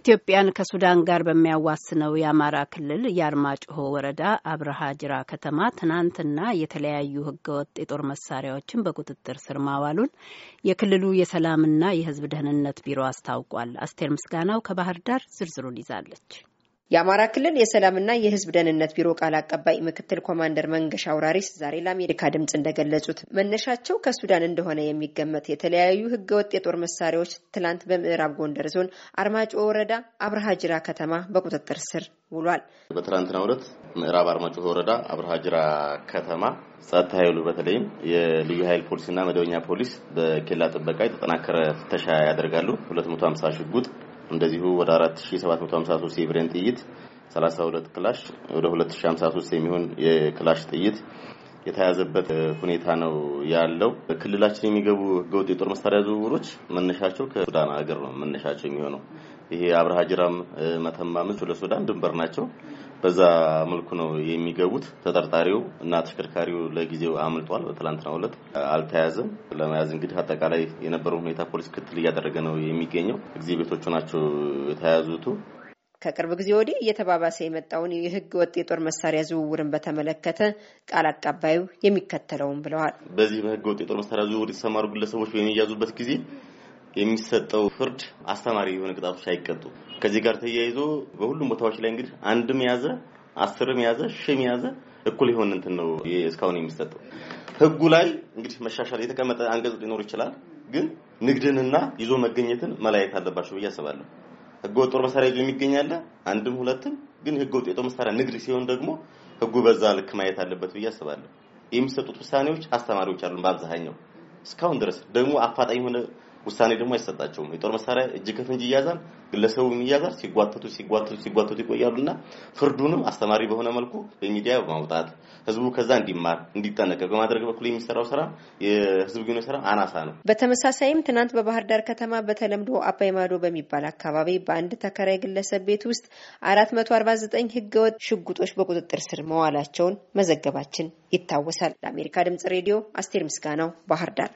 ኢትዮጵያን ከሱዳን ጋር በሚያዋስነው የአማራ ክልል የአርማጭሆ ወረዳ አብርሃ ጅራ ከተማ ትናንትና የተለያዩ ህገወጥ የጦር መሳሪያዎችን በቁጥጥር ስር ማዋሉን የክልሉ የሰላምና የህዝብ ደህንነት ቢሮ አስታውቋል። አስቴር ምስጋናው ከባህር ዳር ዝርዝሩን ይዛለች። የአማራ ክልል የሰላምና የሕዝብ ደህንነት ቢሮ ቃል አቀባይ ምክትል ኮማንደር መንገሻ አውራሪስ ዛሬ ለአሜሪካ ድምፅ እንደገለጹት መነሻቸው ከሱዳን እንደሆነ የሚገመት የተለያዩ ህገወጥ የጦር መሳሪያዎች ትላንት በምዕራብ ጎንደር ዞን አርማጮ ወረዳ አብርሃጅራ ከተማ በቁጥጥር ስር ውሏል። በትላንትናው ዕለት ምዕራብ አርማጮ ወረዳ አብርሃጅራ ከተማ ጸጥታ ኃይሉ በተለይም የልዩ ኃይል ፖሊስና መደበኛ ፖሊስ በኬላ ጥበቃ የተጠናከረ ፍተሻ ያደርጋሉ። ሀምሳ ሽጉጥ እንደዚሁ ወደ 4753 የብሬን ጥይት 32 ክላሽ ወደ 2053 የሚሆን የክላሽ ጥይት የተያዘበት ሁኔታ ነው ያለው። ክልላችን የሚገቡ ህገወጥ የጦር መሳሪያ ዝውውሮች መነሻቸው ከሱዳን ሀገር ነው መነሻቸው የሚሆነው ይሄ አብርሃ ጅራም መተማምን ወደ ሱዳን ድንበር ናቸው። በዛ መልኩ ነው የሚገቡት። ተጠርጣሪው እና ተሽከርካሪው ለጊዜው አምልጧል። በትላንትናው ዕለት አልተያዘም። ለመያዝ እንግዲህ አጠቃላይ የነበረው ሁኔታ ፖሊስ ክትል እያደረገ ነው የሚገኘው። እግዜ ቤቶቹ ናቸው የተያዙቱ። ከቅርብ ጊዜ ወዲህ እየተባባሰ የመጣውን የህገ ወጥ የጦር መሳሪያ ዝውውርን በተመለከተ ቃል አቀባዩ የሚከተለውም ብለዋል። በዚህ በህገ ወጥ የጦር መሳሪያ ዝውውር የተሰማሩ ግለሰቦች በሚያዙበት ጊዜ የሚሰጠው ፍርድ አስተማሪ የሆነ ቅጣቶች አይቀጡ። ከዚህ ጋር ተያይዞ በሁሉም ቦታዎች ላይ እንግዲህ አንድም ያዘ አስርም ያዘ ሽም ያዘ እኩል የሆነ እንትን ነው እስካሁን የሚሰጠው። ህጉ ላይ እንግዲህ መሻሻል የተቀመጠ አንቀጽ ሊኖር ይችላል። ግን ንግድንና ይዞ መገኘትን መለያየት አለባቸው ብዬ አስባለሁ። ወጥ ጦር መሳሪያ ይዞ የሚገኝ አለ አንድም ሁለትም። ግን ወጥ የጦር መሳሪያ ንግድ ሲሆን ደግሞ ህጉ በዛ ልክ ማየት አለበት ብዬ አስባለሁ። የሚሰጡት ውሳኔዎች አስተማሪዎች አሉ። በአብዛኛው እስካሁን ድረስ ደግሞ አፋጣኝ የሆነ ውሳኔ ደግሞ አይሰጣቸውም። የጦር መሳሪያ እጅ ከፍንጅ ይያዛል፣ ግለሰቡም ይያዛል። ሲጓተቱ ሲጓተቱ ሲጓተቱ ይቆያሉና ፍርዱንም አስተማሪ በሆነ መልኩ በሚዲያ በማውጣት ህዝቡ ከዛ እንዲማር እንዲጠነቀቅ በማድረግ በኩል የሚሰራው ስራ የህዝብ ግንኙነት ስራ አናሳ ነው። በተመሳሳይም ትናንት በባህር ዳር ከተማ በተለምዶ አባይ ማዶ በሚባል አካባቢ በአንድ ተከራይ ግለሰብ ቤት ውስጥ 449 ህገወጥ ሽጉጦች በቁጥጥር ስር መዋላቸውን መዘገባችን ይታወሳል። ለአሜሪካ ድምጽ ሬዲዮ አስቴር ምስጋናው ባህር ዳር